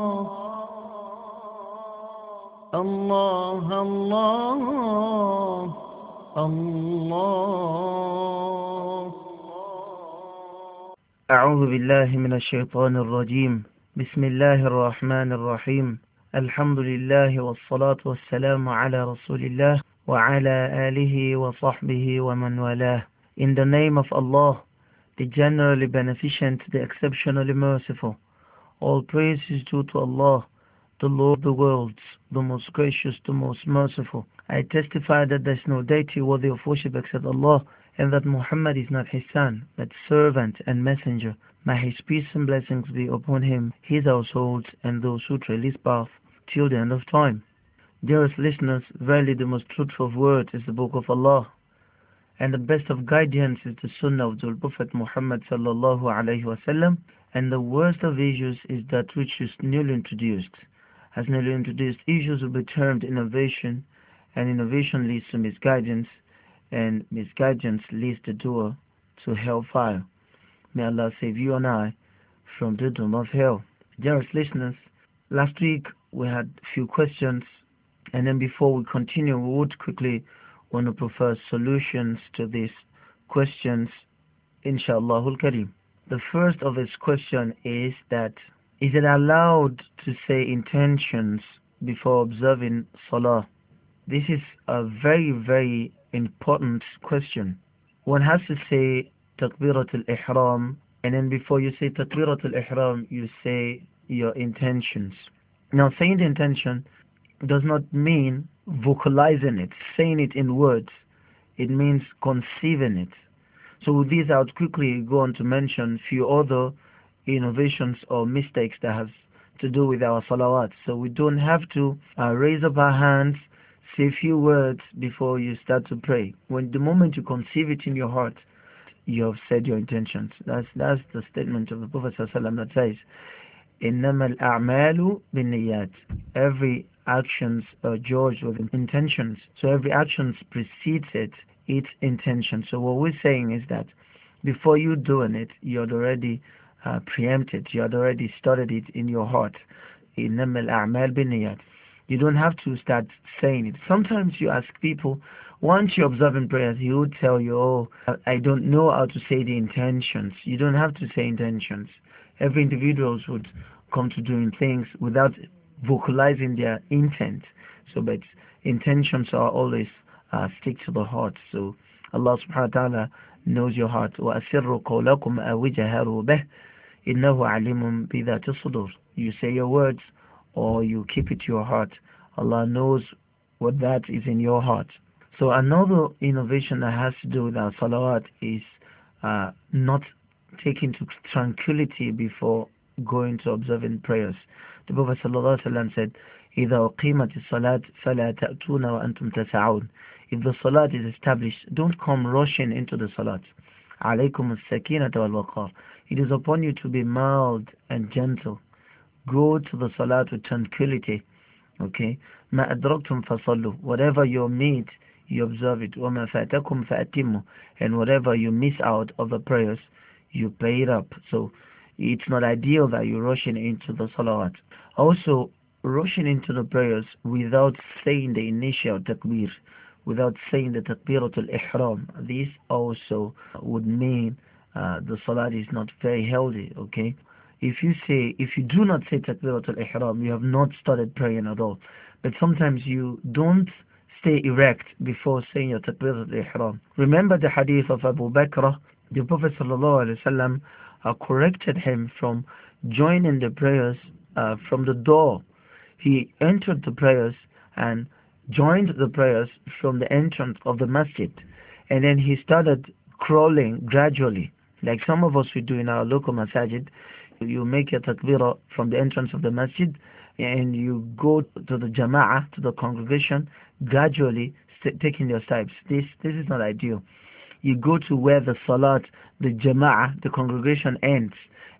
الله الله الله الله أعوذ بالله من الشيطان الرجيم بسم الله الرحمن الرحيم الحمد لله والصلاة والسلام على رسول الله وعلى آله وصحبه ومن والاه In the name of Allah, the generally beneficent, the exceptionally merciful. All praise is due to Allah, the Lord of the worlds, the most gracious, the most merciful. I testify that there is no deity worthy of worship except Allah, and that Muhammad is not his son, but servant and messenger. May his peace and blessings be upon him, his household, and those who trail his path, till the end of time. Dearest listeners, verily the most truthful of words is the Book of Allah, and the best of guidance is the Sunnah of the Prophet Muhammad sallallahu alaihi wasallam, and the worst of issues is that which is newly introduced has newly introduced issues will be termed innovation, and innovation leads to misguidance, and misguidance leads the door to hellfire. May Allah save you and I from the doom of hell. Dearest listeners, last week we had few questions, and then before we continue, we would quickly want to prefer solutions to these questions, inshallah. The first of his question is that is it allowed to say intentions before observing Salah? This is a very, very important question. One has to say Takbiratul ihram and then before you say Takbiratul ihram you say your intentions. Now saying the intention does not mean vocalizing it, saying it in words. It means conceiving it. So with this, I would quickly go on to mention a few other innovations or mistakes that have to do with our salawat. So we don't have to uh, raise up our hands, say a few words before you start to pray. When the moment you conceive it in your heart, you have said your intentions. That's that's the statement of the Prophet ﷺ that says, a'malu binniyat." Every actions are judged with intentions. So every action precedes it its intention. So what we're saying is that before you doing it, you're already uh, preempted. You had already started it in your heart. You don't have to start saying it. Sometimes you ask people, once you observe in prayers, he would tell you, oh, I don't know how to say the intentions. You don't have to say intentions. Every individual would come to doing things without vocalizing their intent. So, but intentions are always uh, stick to the heart. So, Allah subhanahu wa ta'ala knows your heart. وَأَسِرُّ قَوْلَكُمْ أَوِجَهَرُوا بِهِ إِنَّهُ عَلِيمٌ بِذَاتِ الصُّدُورِ You say your words or you keep it to your heart. Allah knows what that is in your heart. So another innovation that has to do with our salawat is uh, not taking to tranquility before going to observing prayers. The Prophet ﷺ said, إِذَا أُقِيمَتِ الصَّلَاةِ فَلَا تَأْتُونَ وَأَنْتُمْ تَسَعُونَ If the salat is established, don't come rushing into the salat. It is upon you to be mild and gentle. Go to the salat with tranquility. Okay. ما أدركتم فصلوا. Whatever you meet, you observe it. وما فاتكم فأتموا. And whatever you miss out of the prayers, you pay it up. So it's not ideal that you're rushing into the salat. Also, rushing into the prayers without saying the initial takbir without saying the takbiratul ihram. This also would mean uh, the salat is not very healthy, okay? If you say, if you do not say takbiratul ihram, you have not started praying at all. But sometimes you don't stay erect before saying your takbiratul ihram. Remember the hadith of Abu Bakr, the Prophet sallallahu alaihi wasallam uh, corrected him from joining the prayers uh, from the door. He entered the prayers and joined the prayers from the entrance of the masjid and then he started crawling gradually like some of us we do in our local masjid. You make your takbirah from the entrance of the masjid and you go to the jama'ah, to the congregation, gradually taking your steps. This, this is not ideal. You go to where the salat, the jama'ah, the congregation ends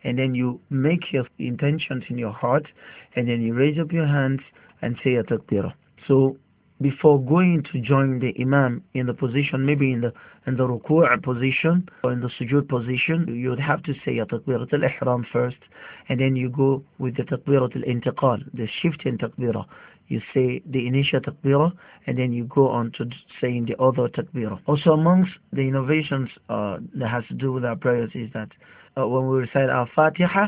and then you make your intentions in your heart and then you raise up your hands and say your takbirah. So before going to join the imam in the position, maybe in the in the ruku' position or in the sujood position, you would have to say takbirat al-ihram first, and then you go with the takbirat al-intiqal, the shift in takbirah. You say the initial takbirah, and then you go on to saying the other takbirah. Also, amongst the innovations uh, that has to do with our prayers is that uh, when we recite our Fatiha,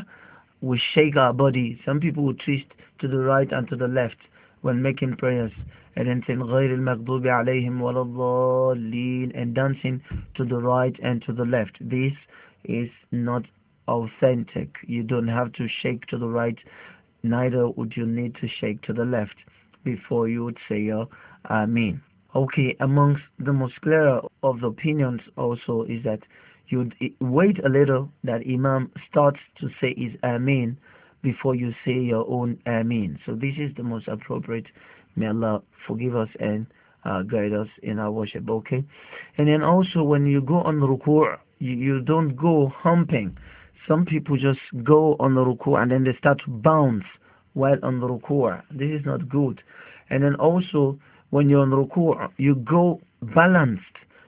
we shake our body. Some people will twist to the right and to the left when making prayers, and dancing and dancing to the right and to the left. This is not authentic. You don't have to shake to the right, neither would you need to shake to the left before you would say your Ameen. Okay, amongst the most clear of the opinions also is that you wait a little that Imam starts to say his Ameen before you say your own amin, So this is the most appropriate. May Allah forgive us and uh, guide us in our worship, okay? And then also when you go on ruku', you, you don't go humping. Some people just go on the ruku' and then they start to bounce while on the ruku'. This is not good. And then also when you're on ruku', you go balanced.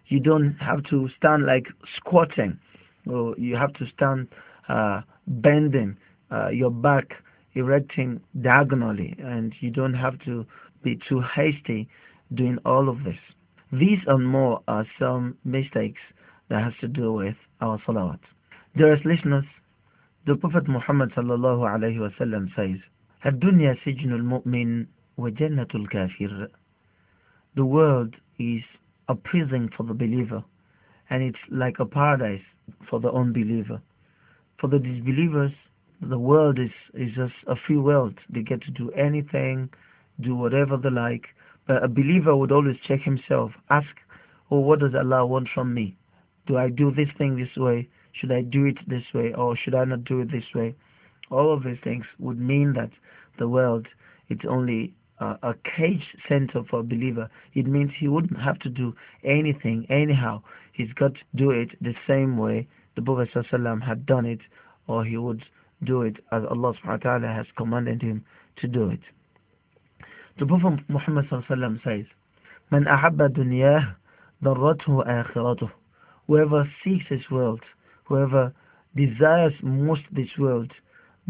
You don't have to stand like squatting. Or oh, you have to stand uh, bending uh, your back erecting diagonally and you don't have to be too hasty doing all of this. These and more are some mistakes that has to do with our salawat. Dearest listeners, the Prophet Muhammad sallallahu alayhi wa sallam says, الدنيا سجن المؤمن وجنة الكافر The world is a prison for the believer and it's like a paradise for the unbeliever. For the disbelievers, the world is, is just a free world. They get to do anything, do whatever they like. But a believer would always check himself, ask, Oh, what does Allah want from me? Do I do this thing this way? Should I do it this way? Or should I not do it this way? All of these things would mean that the world it's only a, a cage center for a believer. It means he wouldn't have to do anything anyhow. He's got to do it the same way the Prophet had done it, or he would do it as Allah subhanahu wa ta'ala has commanded him to do it. The Prophet Muhammad sallallahu says, Man ahabba dunyah al akhiratuh. Whoever seeks this world, whoever desires most this world,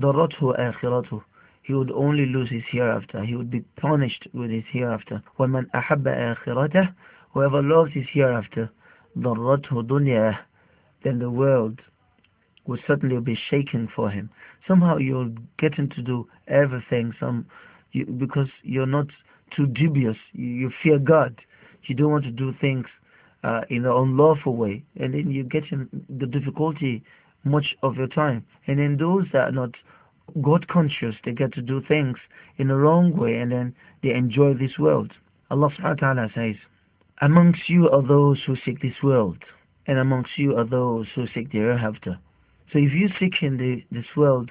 al akhiratuh. He would only lose his hereafter. He would be punished with his hereafter. وَمَنْ أَحَبَّ آخِرَتَهُ Whoever loves his hereafter, daratu dunya, Then the world would certainly be shaken for him. Somehow you're getting to do everything some you, because you're not too dubious. You, you, fear God. You don't want to do things uh, in an unlawful way, and then you get the difficulty much of your time. And then those that are not God conscious, they get to do things in the wrong way, and then they enjoy this world. Allah Subhanahu wa Taala says, "Amongst you are those who seek this world." and amongst you are those who seek the hereafter. So if you seek in the, this world,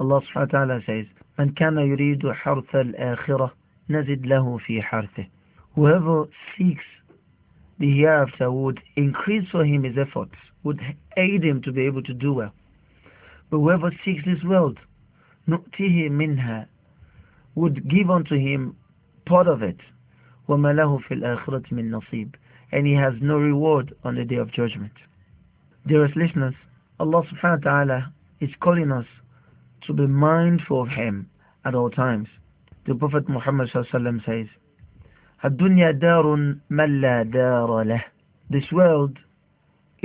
Allah subhanahu wa ta'ala says, من كان يريد al akhirah نزد له fi حرثه. Whoever seeks the hereafter would increase for him his efforts, would aid him to be able to do well. But whoever seeks this world, نؤتيه minha, would give unto him part of it. وما له في الآخرة من نصيب. And he has no reward on the day of judgment. Dearest listeners, Allah subhanahu wa ta'ala is calling us to be mindful of Him at all times. The Prophet Muhammad sallallahu says, "Ad-dunya darun man This world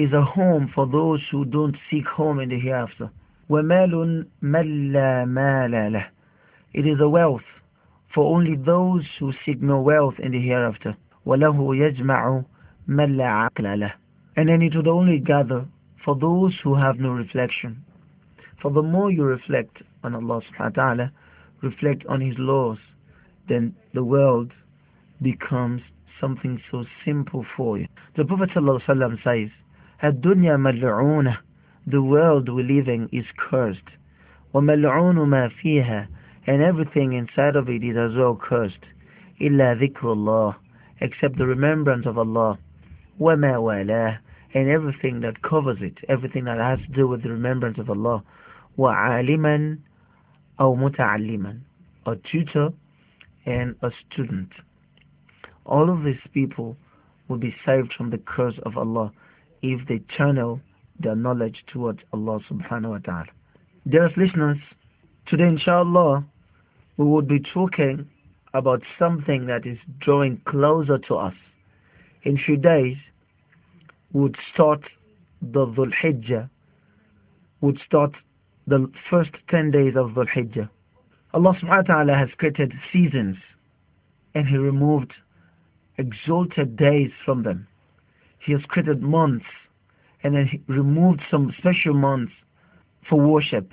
is a home for those who don't seek home in the hereafter. وَمَالٌ مَنْ لَا It is a wealth for only those who seek no wealth in the hereafter. وَلَهُ يَجْمَعُ مَنْ لَا And then it would only gather for those who have no reflection. For the more you reflect on Allah subhanahu wa ta'ala, reflect on His laws, then the world becomes something so simple for you. The Prophet ﷺ says, الدُّنْيَا مَلْعُونَ The world we live in is cursed. وَمَلْعُونُ مَا فِيهَا And everything inside of it is as well cursed. إِلَّا ذِكْرُ اللَّهِ Except the remembrance of Allah. وَمَا وَلَاهِ and everything that covers it, everything that has to do with the remembrance of Allah. وَعَالِمًا أَوْ مُتَعَلِّمًا A tutor and a student. All of these people will be saved from the curse of Allah if they channel their knowledge towards Allah subhanahu wa ta'ala. Dearest listeners, today inshallah we will be talking about something that is drawing closer to us. In few days would start the Dhul Hijjah, would start the first 10 days of Dhul Hijjah. Allah subhanahu wa ta'ala has created seasons and He removed exalted days from them. He has created months and then He removed some special months for worship.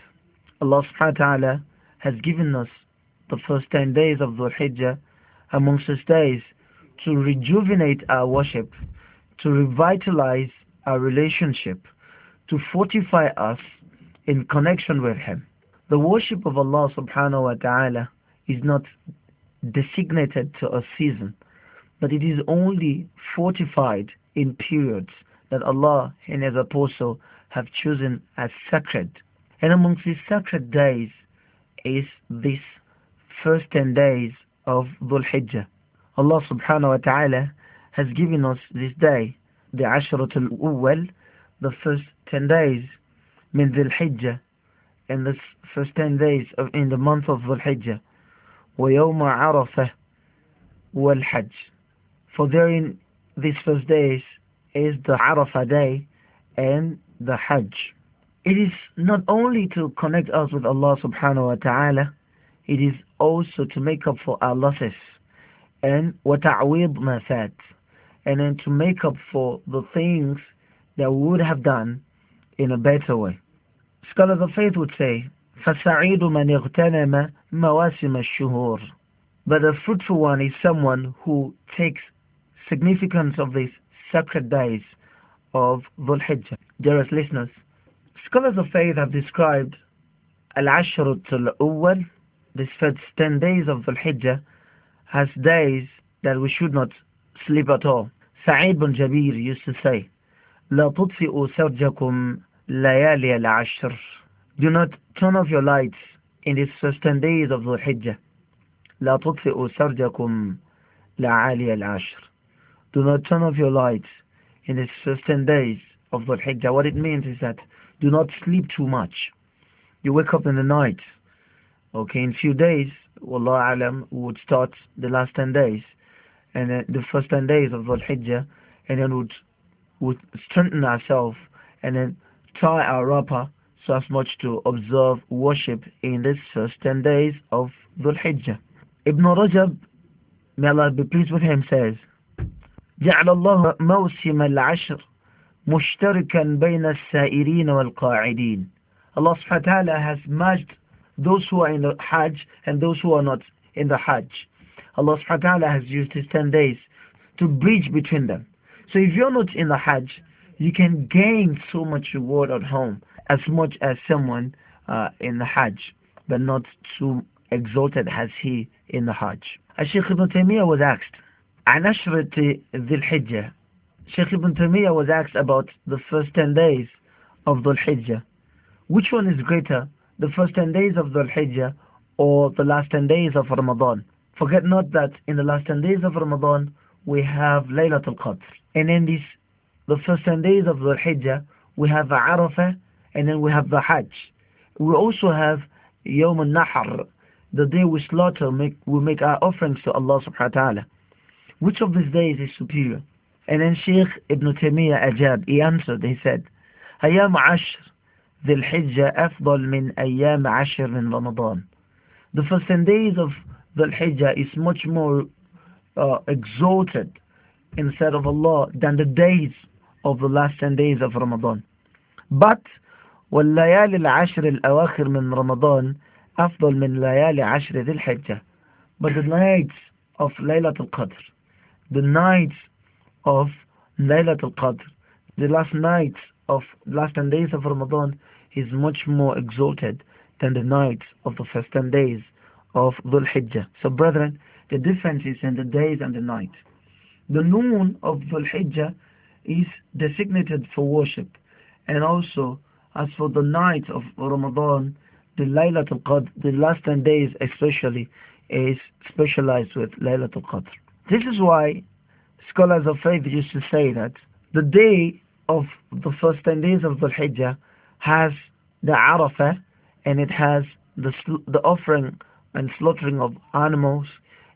Allah subhanahu wa ta'ala has given us the first 10 days of Dhul Hijjah amongst these days to rejuvenate our worship to revitalize our relationship, to fortify us in connection with Him. The worship of Allah subhanahu wa ta'ala is not designated to a season, but it is only fortified in periods that Allah and His Apostle have chosen as sacred. And amongst these sacred days is this first 10 days of Dhul Hijjah. Allah subhanahu wa ta'ala has given us this day, the Ashratul Awwal, the first 10 days, Min Dhul Hijjah, in the first 10 days of, in the month of Dhul Hijjah, ويوم عرفة والحج. For therein, these first days is the Arafah day and the Hajj. It is not only to connect us with Allah subhanahu wa ta'ala, it is also to make up for our losses and وَتَعْوِيضْ مَا فَاتٍ and then to make up for the things that we would have done in a better way. Scholars of faith would say, But a fruitful one is someone who takes significance of these sacred days of Dhul Hijjah. Dearest listeners, scholars of faith have described Al-Ashr al-Awwal, these first 10 days of Dhul Hijjah, as days that we should not sleep at all. Sa'id bin Jabir used to say, لا تطفئوا سرجكم ليالي العشر Do not turn off your lights in these first 10 days of the Hijjah. لا تطفئوا سرجكم لعالي العشر Do not turn off your lights in these first 10 days of the Hijjah. What it means is that do not sleep too much. You wake up in the night. Okay, in few days, Wallah Alam would start the last 10 days and then the first 10 days of Dhul Hijjah and then would would strengthen ourselves and then tie our wrapper so as much to observe worship in this first 10 days of Dhul Hijjah. Ibn Rajab, may Allah be pleased with him, says, جعل الله موسم العشر مشتركا بين السائرين والقاعدين Allah subhanahu wa ta'ala has merged those who are in the Hajj and those who are not in the Hajj. Allah subhanahu wa ta'ala has used his 10 days to bridge between them. So if you're not in the Hajj, you can gain so much reward at home as much as someone uh, in the Hajj, but not so exalted as he in the Hajj. As Sheikh Ibn Taymiyyah was asked, عن عشرة ذي الحجة Sheikh Ibn Taymiyyah was asked about the first 10 days of Dhul Hijjah. Which one is greater, the first 10 days of Dhul Hijjah or the last 10 days of Ramadan? Forget not that in the last 10 days of Ramadan, we have Laylatul Qadr. And in this, the first 10 days of the Hijjah, we have Arafah, and then we have the Hajj. We also have Yom al-Nahr, the day we slaughter, make, we make our offerings to Allah subhanahu wa ta'ala. Which of these days is superior? And then Sheikh Ibn Taymiyyah ajab, he answered, he said, أيام عشر ذي الحجة أفضل من أيام عشر من رمضان. The first 10 days of Dhul Hijjah is much more uh, exalted in the sight of Allah than the days of the last 10 days of Ramadan. But والليالي العشر الأواخر من رمضان أفضل من ليالي عشر ذي الحجة. But the nights of Laylatul Qadr, the nights of Laylatul Qadr, the last nights of last 10 days of Ramadan is much more exalted than the nights of the first 10 days of Dhul Hijjah. So brethren, the difference is in the days and the night. The noon of Dhul Hijjah is designated for worship. And also, as for the night of Ramadan, the Laylatul Qadr, the last 10 days especially, is specialized with Laylatul Qadr. This is why scholars of faith used to say that the day of the first 10 days of Dhul Hijjah has the Arafah and it has the, the offering and slaughtering of animals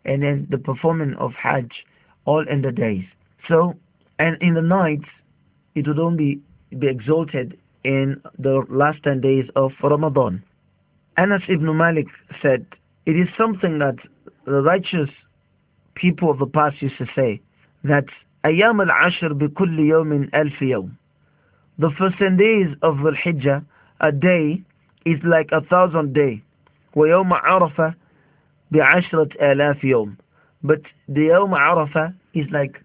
and then the performing of Hajj all in the days. So, and in the nights, it would only be exalted in the last 10 days of Ramadan. Anas ibn Malik said, It is something that the righteous people of the past used to say, that al-Ashr bi kulli يوم al يوم. The first 10 days of Dhul Hijjah, a day is like a thousand day. ويوم عرفة بعشرة آلاف يوم but the يوم عرفة is like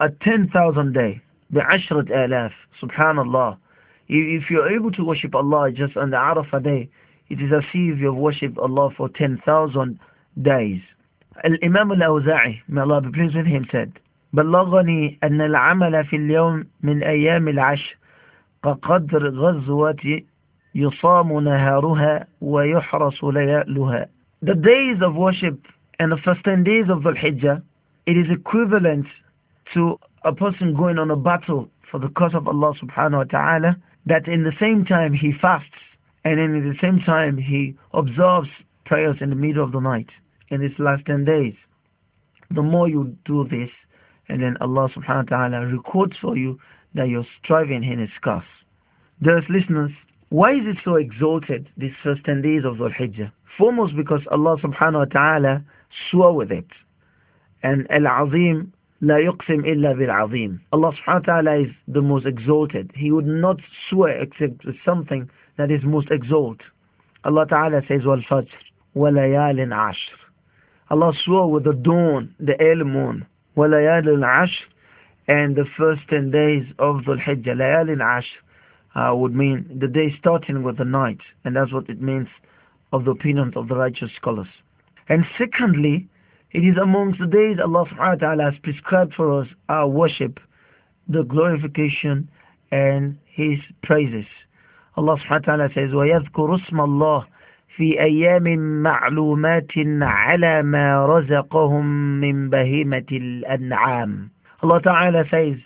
a ten thousand day بعشرة آلاف سبحان الله if you're able to worship Allah just on the عرفة day it is a sieve of worship Allah for ten thousand days الإمام الأوزاعي may Allah be pleased with him said بلغني أن العمل في اليوم من أيام العشر قدر غزوة يصام نهارها ويحرس ليالها. The days of worship and the first 10 days of Dhul Hijjah, it is equivalent to a person going on a battle for the cause of Allah subhanahu wa ta'ala, that in the same time he fasts and then in the same time he observes prayers in the middle of the night in these last 10 days. The more you do this, and then Allah subhanahu wa ta'ala records for you that you're striving in his cause. Dearest listeners, why is it so exalted, these first 10 days of Dhul Hijjah? Foremost because Allah subhanahu wa ta'ala swore with it. And Al-Azim, La yuqsim illa bil-Azim. Allah subhanahu wa ta'ala is the most exalted. He would not swear except with something that is most exalted. Allah ta'ala says, Wal-Fajr, wa ashr. Allah swore with the dawn, the early moon. Wa-layalin ashr, and the first 10 days of Dhul Hijjah, layalin ashr. Uh, would mean the day starting with the night, and that's what it means of the opinions of the righteous scholars. And secondly, it is amongst the days Allah subhanahu wa ta'ala has prescribed for us our worship, the glorification and His praises. Allah subhanahu wa ta'ala says, وَيَذْكُرُ اسْمَ اللَّهِ في أيام معلومات على ما رزقهم من بهيمة الأنعام Allah Ta'ala says,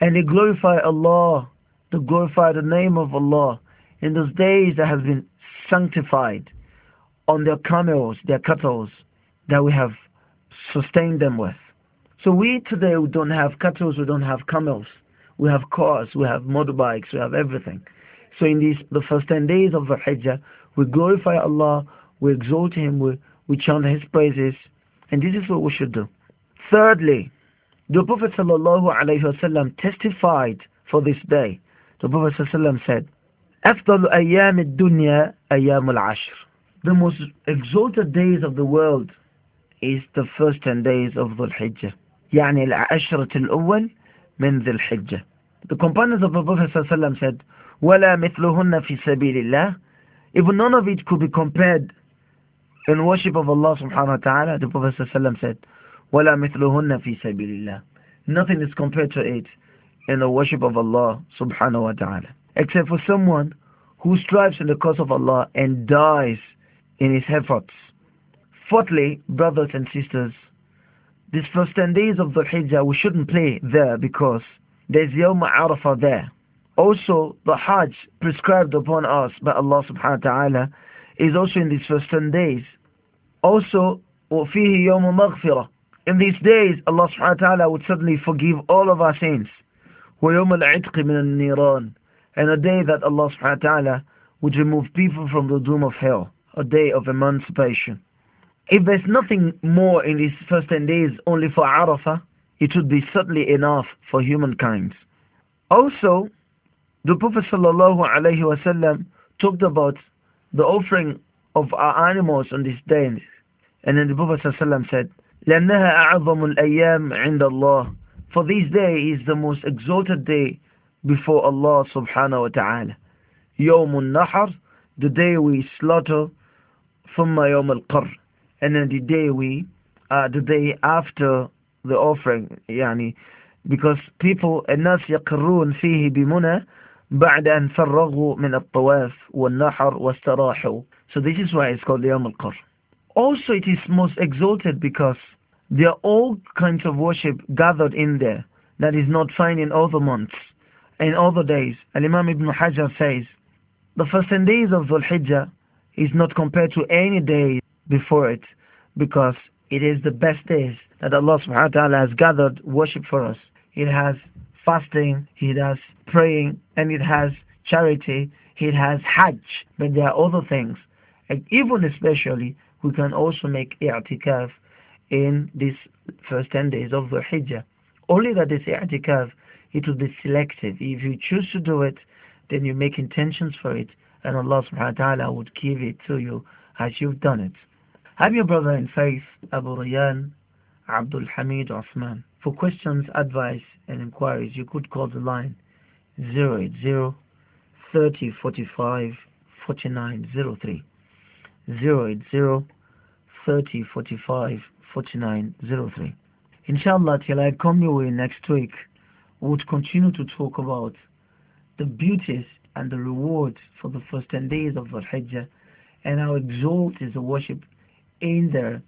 and they glorify Allah to glorify the name of Allah in those days that have been sanctified on their camels, their cattle that we have sustained them with. So we today we don't have cattle, we don't have camels, we have cars, we have motorbikes, we have everything. So in these the first ten days of the Hajj, we glorify Allah, we exalt Him, we, we chant His praises, and this is what we should do. Thirdly, the Prophet sallallahu alaihi wasallam testified for this day the Prophet ﷺ said, أفضل dunya Ayam al-Ashr. The most exalted days of the world is the first 10 days of the Hijjah. يعني العشرة الأول من ذي الحجة. The companions of the Prophet ﷺ said, ولا مثلهن في سبيل الله. Even none of it could be compared in worship of Allah subhanahu wa ta'ala. The Prophet ﷺ said, ولا مثلهن في سبيل الله. Nothing is compared to it in the worship of Allah subhanahu wa ta'ala. Except for someone who strives in the cause of Allah and dies in his efforts. Fourthly, brothers and sisters, these first 10 days of the Hijjah, we shouldn't play there because there's Yawm Arafah there. Also, the Hajj prescribed upon us by Allah subhanahu wa ta'ala is also in these first 10 days. Also, وَفِيهِ يَوْمُ مَغْفِرَةٍ In these days, Allah subhanahu wa ta'ala would suddenly forgive all of our sins. وَيَوْمَ الْعِتْقِ مِنَ النِّيرَانِ And a day that Allah subhanahu wa ta'ala would remove people from the doom of hell, a day of emancipation. If there's nothing more in these first 10 days only for Arafah, it would be certainly enough for humankind. Also, the Prophet ﷺ talked about the offering of our animals on this day. And then the Prophet ﷺ said, لأنها أعظم الأيام عند الله for this day is the most exalted day before Allah subhanahu wa ta'ala. Yawmun Nahar, the day we slaughter, Thumma Yawm al-Qar, and then the day we, uh, the day after the offering, yani, because people, الناس يقرون فيه بمنى بعد أن فرغوا من الطواف والنحر واستراحوا. So this is why it's called Yawm al-Qar. Also it is most exalted because there are all kinds of worship gathered in there that is not found in other months, in other days. Al-Imam Ibn Hajar says, the first 10 days of Dhul Hijjah is not compared to any day before it because it is the best days that Allah subhanahu wa ta'ala has gathered worship for us. It has fasting, it has praying, and it has charity, it has Hajj, but there are other things. And even especially, we can also make i'tikaf in these first 10 days of the Hijjah. Only that this i'tikaf, it will be selective. If you choose to do it, then you make intentions for it, and Allah subhanahu wa ta'ala would give it to you as you've done it. Have your brother in faith, Abu Rayyan Abdul Hamid Osman. For questions, advice, and inquiries, you could call the line 080 45 49 03. 080 45 4903. Inshallah, till I come your way next week, we would continue to talk about the beauties and the rewards for the first 10 days of the Hajj and how exalted is the worship in there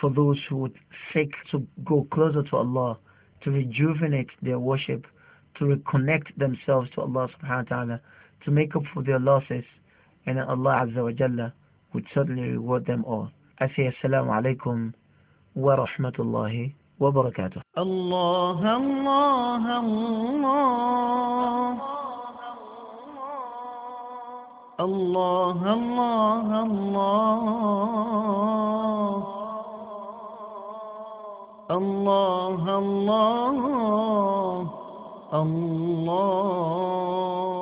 for those who would seek to go closer to Allah, to rejuvenate their worship, to reconnect themselves to Allah subhanahu wa ta'ala, to make up for their losses, and Allah Azza wa Jalla would certainly reward them all. I say Assalamu alaikum ورحمة الله وبركاته الله الله الله الله الله الله الله الله الله